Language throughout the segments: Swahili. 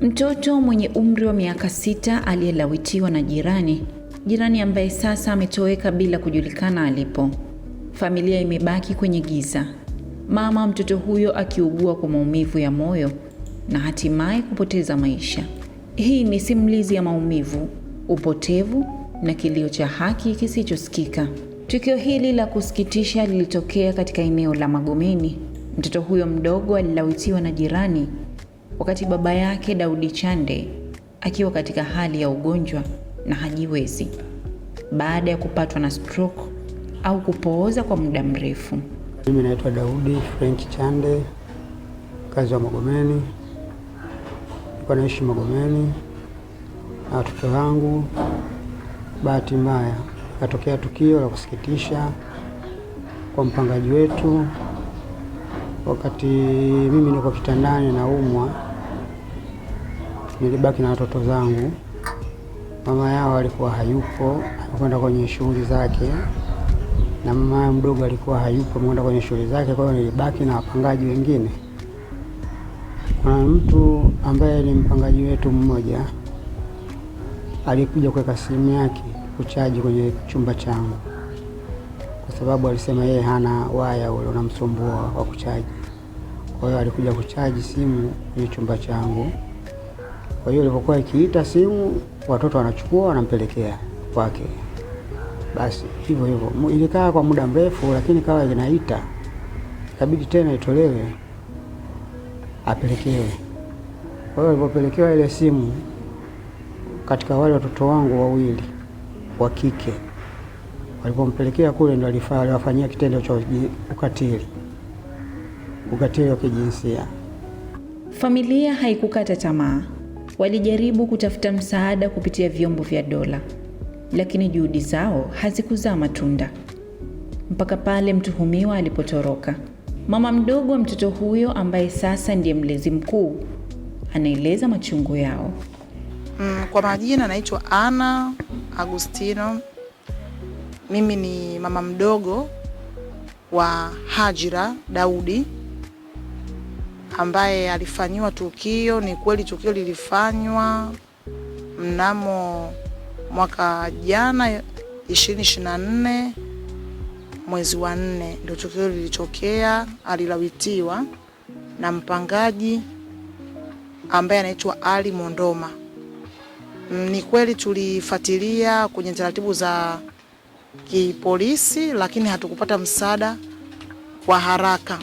Mtoto mwenye umri wa miaka sita aliyelawitiwa na jirani, jirani ambaye sasa ametoweka bila kujulikana alipo. Familia imebaki kwenye giza, mama mtoto huyo akiugua kwa maumivu ya moyo na hatimaye kupoteza maisha. Hii ni simulizi ya maumivu, upotevu na kilio cha haki kisichosikika. Tukio hili la kusikitisha lilitokea katika eneo la Magomeni. Mtoto huyo mdogo alilawitiwa na jirani wakati baba yake Daudi Chande akiwa katika hali ya ugonjwa na hajiwezi baada ya kupatwa na stroke au kupooza kwa muda mrefu. Mimi naitwa Daudi French Chande, mkazi wa Magomeni, nilikuwa naishi Magomeni na watoto wangu. Bahati mbaya ikatokea tukio la kusikitisha kwa mpangaji wetu, wakati mimi niko kitandani naumwa nilibaki na watoto zangu. Mama yao alikuwa hayupo, alikwenda kwenye shughuli zake, na mama yao mdogo alikuwa hayupo, amekwenda kwenye shughuli zake. Kwa hiyo nilibaki na wapangaji wengine. Kuna mtu ambaye ni mpangaji wetu mmoja alikuja kuweka simu yake kuchaji kwenye chumba changu, kwa sababu alisema yeye hana waya ule unamsumbua wa kuchaji. Kwa hiyo alikuja kuchaji simu kwenye chumba changu. Kwa hiyo ilipokuwa ikiita simu, watoto wanachukua wanampelekea kwake, basi hivyo hivyo ilikaa kwa muda mrefu, lakini kawa inaita, ikabidi tena itolewe apelekewe. Kwa hiyo alipopelekewa ile simu, katika wale watoto wangu wawili wa kike walipompelekea kule, ndo aliwafanyia kitendo cha ukatili, ukatili wa kijinsia. Familia haikukata tamaa Walijaribu kutafuta msaada kupitia vyombo vya dola, lakini juhudi zao hazikuzaa matunda mpaka pale mtuhumiwa alipotoroka. Mama mdogo wa mtoto huyo ambaye sasa ndiye mlezi mkuu anaeleza machungu yao. Mm, kwa majina anaitwa Ana Agustino. Mimi ni mama mdogo wa Hajira Daudi ambaye alifanyiwa tukio. Ni kweli tukio lilifanywa mnamo mwaka jana 2024 mwezi wa nne, ndio tukio lilitokea. Alilawitiwa na mpangaji ambaye anaitwa Ali Mondoma. Ni kweli tulifuatilia kwenye taratibu za kipolisi, lakini hatukupata msaada kwa haraka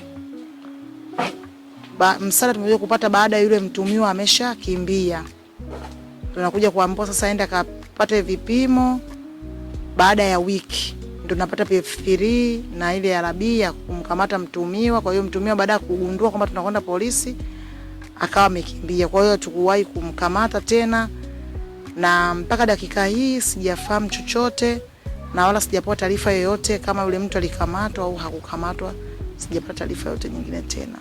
ba, msaada tumekuja kupata baada ya yule mtumiwa ameshakimbia. Tunakuja kuambiwa sasa aende akapate vipimo baada ya wiki ndio tunapata PF3 na ile RB ya kumkamata mtumiwa. Kwa hiyo mtumiwa baada ya kugundua kwamba tunakwenda polisi akawa amekimbia, kwa hiyo tukuwahi kumkamata tena, na mpaka dakika hii sijafahamu chochote na wala sijapewa taarifa yoyote kama yule mtu alikamatwa au hakukamatwa. Sijapata taarifa yoyote nyingine tena.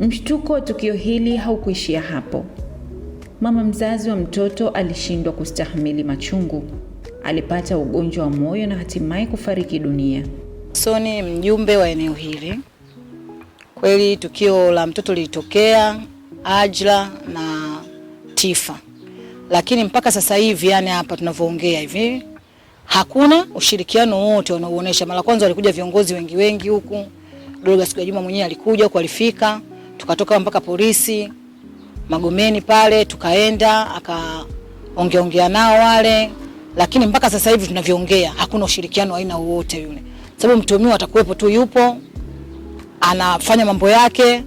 Mshtuko wa tukio hili haukuishia hapo. Mama mzazi wa mtoto alishindwa kustahimili machungu, alipata ugonjwa wa moyo na hatimaye kufariki dunia. Soni, mjumbe wa eneo hili. Kweli tukio la mtoto lilitokea ajla na Tifa, lakini mpaka sasa hivi, yani hapa tunavyoongea hivi, hakuna ushirikiano wote wanaoonyesha. Mara kwanza walikuja viongozi wengi wengi huku, Dorcas Gwajima mwenyewe alikuja huku, alifika tukatoka mpaka polisi Magomeni pale, tukaenda akaongeaongea nao wale, lakini mpaka sasa hivi tunavyoongea hakuna ushirikiano wa aina wowote yule, sababu mtumio atakuwepo tu, yupo anafanya mambo yake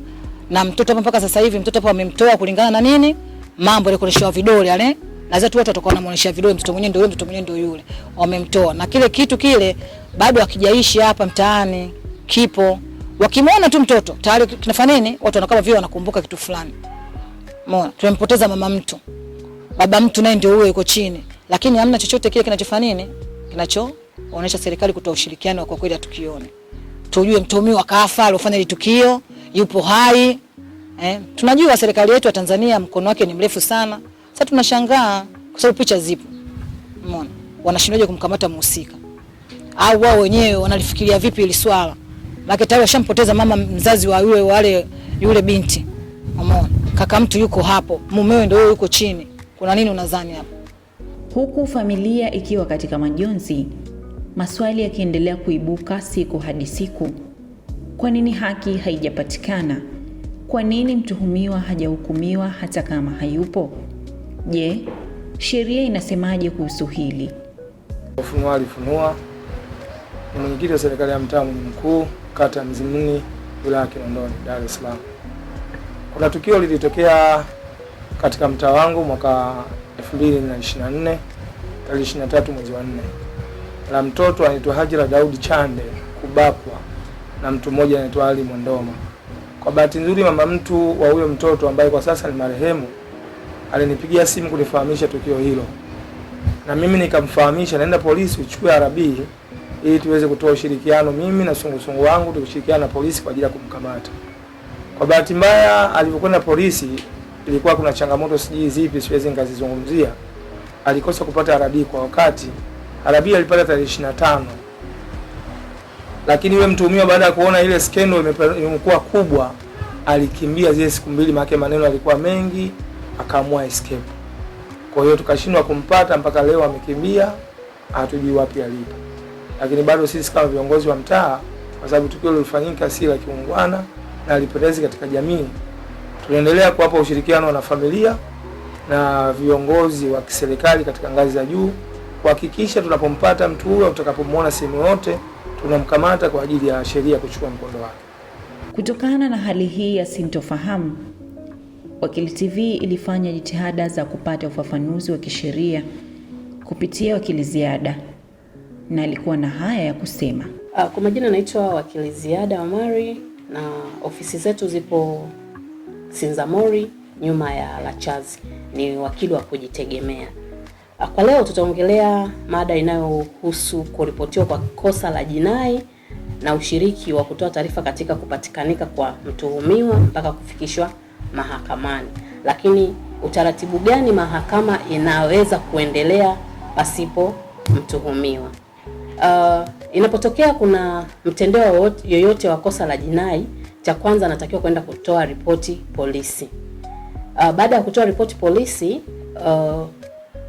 na mtoto hapo. Mpaka sasa hivi mtoto hapo amemtoa kulingana na nini, mambo ile kuonesha vidole yale Lazima tu watu watakuwa wanamuonesha vidole, mtoto mwenyewe ndio yule, mtoto mwenyewe ndio yule, wamemtoa na kile kitu kile bado hakijaisha hapa mtaani, kipo wakimwona tu mtoto tayari kinafanya nini? Watu wanakaa vile wanakumbuka kitu fulani. Mbona tumempoteza mama mtu, baba mtu naye ndio huyo yuko chini, lakini hamna chochote kile kinachofanya nini, kinachoonyesha serikali kutoa ushirikiano. Kwa kweli hatukione, tujue mtuhumiwa kafa, aliofanya ile tukio yupo hai eh. Tunajua serikali yetu ya Tanzania mkono wake ni mrefu sana. Sasa tunashangaa kwa sababu picha zipo, mbona wanashindwaje kumkamata mhusika, au wao wenyewe wanalifikiria vipi hili swala? maana tayari ashampoteza mama mzazi wa yule wale yule binti. Umeona? Kaka mtu yuko hapo, mumewe ndio yuko chini. Kuna nini unadhani hapo? Huku familia ikiwa katika majonzi, maswali yakiendelea kuibuka siku hadi siku. Kwa nini haki haijapatikana? Kwa nini mtuhumiwa hajahukumiwa hata kama hayupo? Je, sheria inasemaje kuhusu hili? Ufunua alifunua ni mwenyekiti wa serikali ya mtaa mji mkuu kata Mzimuni wilaya ya Kinondoni Dar es Salaam. Kuna tukio lilitokea katika mtaa wangu mwaka 2024 tarehe 23 mwezi wa 4 la mtoto anaitwa Hajira Daudi Chande kubakwa na mtu mmoja anaitwa Ali Mwandoma. Kwa bahati nzuri, mama mtu wa huyo mtoto ambaye kwa sasa ni marehemu alinipigia simu kunifahamisha tukio hilo, na mimi nikamfahamisha naenda polisi uchukue arabii ili tuweze kutoa ushirikiano, mimi na sungusungu wangu tukishirikiana na polisi kwa ajili ya kumkamata. Kwa bahati mbaya, alivyokwenda polisi, ilikuwa kuna changamoto sijui zipi, siwezi nikazizungumzia. Alikosa kupata arabi kwa wakati, arabi alipata tarehe 25, lakini yule mtuhumiwa baada ya kuona ile skendo imekuwa kubwa, alikimbia zile siku mbili, maana maneno alikuwa mengi, akaamua escape. Kwa hiyo tukashindwa kumpata mpaka leo, amekimbia, hatujui wapi alipo lakini bado sisi kama viongozi wa mtaa, kwa sababu tukio lilifanyika si la kiungwana na lipendezi katika jamii, tunaendelea kuwapa ushirikiano na familia na viongozi wa kiserikali katika ngazi za juu kuhakikisha tunapompata mtu huyo, tutakapomwona sehemu yote, tunamkamata kwa ajili ya sheria kuchukua mkondo wake. Kutokana na hali hii ya sintofahamu, Wakili TV ilifanya jitihada za kupata ufafanuzi wa kisheria kupitia wakili Ziada na alikuwa na haya ya kusema. Ah, kwa majina naitwa wakili Ziada Omari na ofisi zetu zipo Sinzamori nyuma ya Lachazi. Ni wakili wa kujitegemea. Ah, kwa leo tutaongelea mada inayohusu kuripotiwa kwa kosa la jinai na ushiriki wa kutoa taarifa katika kupatikanika kwa mtuhumiwa mpaka kufikishwa mahakamani. Lakini utaratibu gani mahakama inaweza kuendelea pasipo mtuhumiwa? Uh, inapotokea kuna mtendeo yoyote wa kosa la jinai, cha kwanza anatakiwa kwenda kutoa ripoti polisi. Uh, baada ya kutoa ripoti polisi, uh,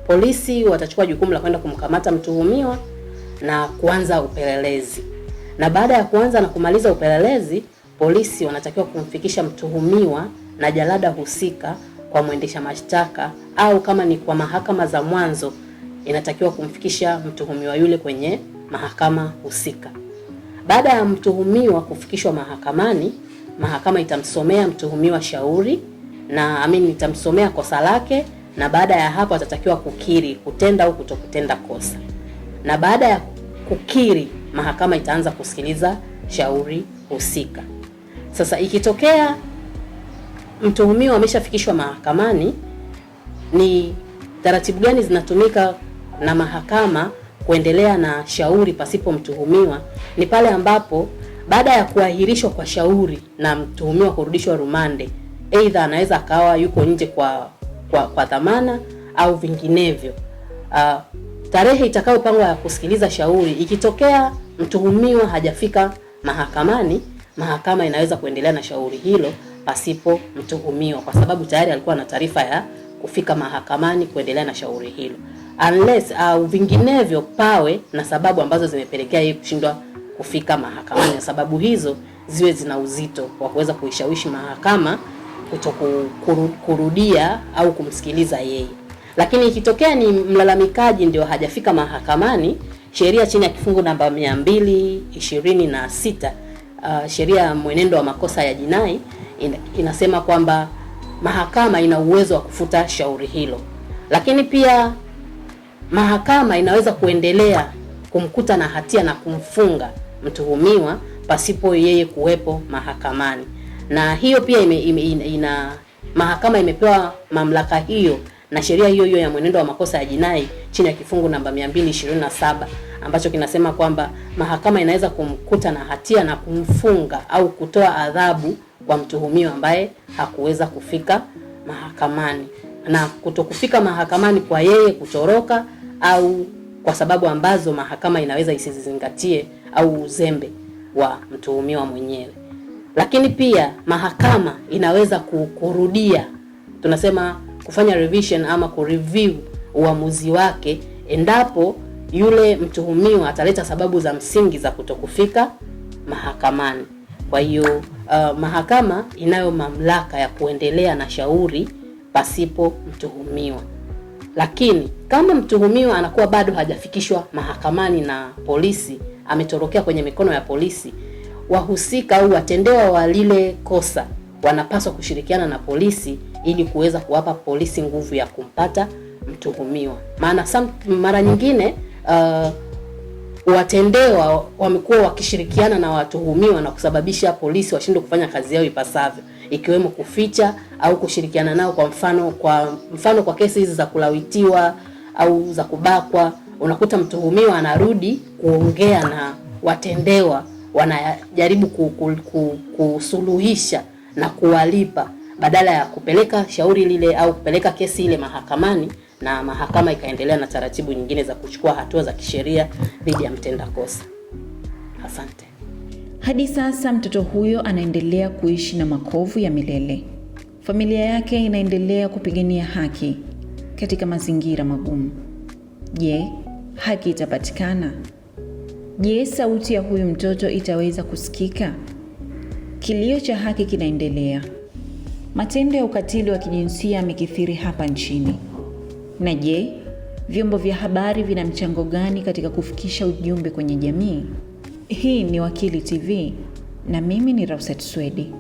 polisi watachukua jukumu la kwenda kumkamata mtuhumiwa na kuanza upelelezi. Na baada ya kuanza na kumaliza upelelezi, polisi wanatakiwa kumfikisha mtuhumiwa na jalada husika kwa mwendesha mashtaka au kama ni kwa mahakama za mwanzo inatakiwa kumfikisha mtuhumiwa yule kwenye mahakama husika. Baada ya mtuhumiwa kufikishwa mahakamani, mahakama itamsomea mtuhumiwa shauri na amini, itamsomea kosa lake, na baada ya hapo atatakiwa kukiri kutenda au kutokutenda kosa, na baada ya kukiri, mahakama itaanza kusikiliza shauri husika. Sasa ikitokea mtuhumiwa ameshafikishwa mahakamani, ni taratibu gani zinatumika na mahakama kuendelea na shauri pasipo mtuhumiwa ni pale ambapo baada ya kuahirishwa kwa shauri na mtuhumiwa kurudishwa rumande, aidha anaweza akawa yuko nje kwa kwa, kwa dhamana au vinginevyo. Uh, tarehe itakayopangwa ya kusikiliza shauri ikitokea mtuhumiwa hajafika mahakamani, mahakama inaweza kuendelea na shauri hilo pasipo mtuhumiwa, kwa sababu tayari alikuwa na taarifa ya kufika mahakamani kuendelea na shauri hilo unless au uh, vinginevyo pawe na sababu ambazo zimepelekea yeye kushindwa kufika mahakamani, na sababu hizo ziwe zina uzito wa kuweza kuishawishi mahakama kuto kurudia au kumsikiliza yeye. Lakini ikitokea ni mlalamikaji ndio hajafika mahakamani, sheria chini ya kifungu namba 226 uh, sheria ya mwenendo wa makosa ya jinai inasema kwamba mahakama ina uwezo wa kufuta shauri hilo, lakini pia mahakama inaweza kuendelea kumkuta na hatia na kumfunga mtuhumiwa pasipo yeye kuwepo mahakamani, na hiyo pia ime, ime, ina mahakama imepewa mamlaka hiyo na sheria hiyo hiyo ya mwenendo wa makosa ya jinai chini ya kifungu namba 227 ambacho kinasema kwamba mahakama inaweza kumkuta na hatia na kumfunga au kutoa adhabu kwa mtuhumiwa ambaye hakuweza kufika mahakamani, na kutokufika mahakamani kwa yeye kutoroka au kwa sababu ambazo mahakama inaweza isizingatie au uzembe wa mtuhumiwa mwenyewe. Lakini pia mahakama inaweza kurudia, tunasema kufanya revision ama kureview uamuzi wake endapo yule mtuhumiwa ataleta sababu za msingi za kutokufika mahakamani. Kwa hiyo uh, mahakama inayo mamlaka ya kuendelea na shauri pasipo mtuhumiwa. Lakini kama mtuhumiwa anakuwa bado hajafikishwa mahakamani na polisi, ametorokea kwenye mikono ya polisi, wahusika au watendewa wa lile kosa wanapaswa kushirikiana na polisi ili kuweza kuwapa polisi nguvu ya kumpata mtuhumiwa, maana mara nyingine uh, watendewa wamekuwa wakishirikiana na watuhumiwa na kusababisha polisi washindwe kufanya kazi yao ipasavyo, ikiwemo kuficha au kushirikiana nao. Kwa mfano kwa mfano kwa kesi hizi za kulawitiwa au za kubakwa, unakuta mtuhumiwa anarudi kuongea na watendewa, wanajaribu kusuluhisha na kuwalipa badala ya kupeleka shauri lile au kupeleka kesi ile mahakamani na mahakama ikaendelea na taratibu nyingine za kuchukua hatua za kisheria dhidi ya mtenda kosa. Asante. Hadi sasa mtoto huyo anaendelea kuishi na makovu ya milele. Familia yake inaendelea kupigania haki katika mazingira magumu. Je, haki itapatikana? Je, sauti ya huyu mtoto itaweza kusikika? Kilio cha haki kinaendelea. Matendo ya ukatili wa kijinsia yamekithiri hapa nchini. Na je, vyombo vya habari vina mchango gani katika kufikisha ujumbe kwenye jamii? Hii ni Wakili TV na mimi ni Rauset Swedi.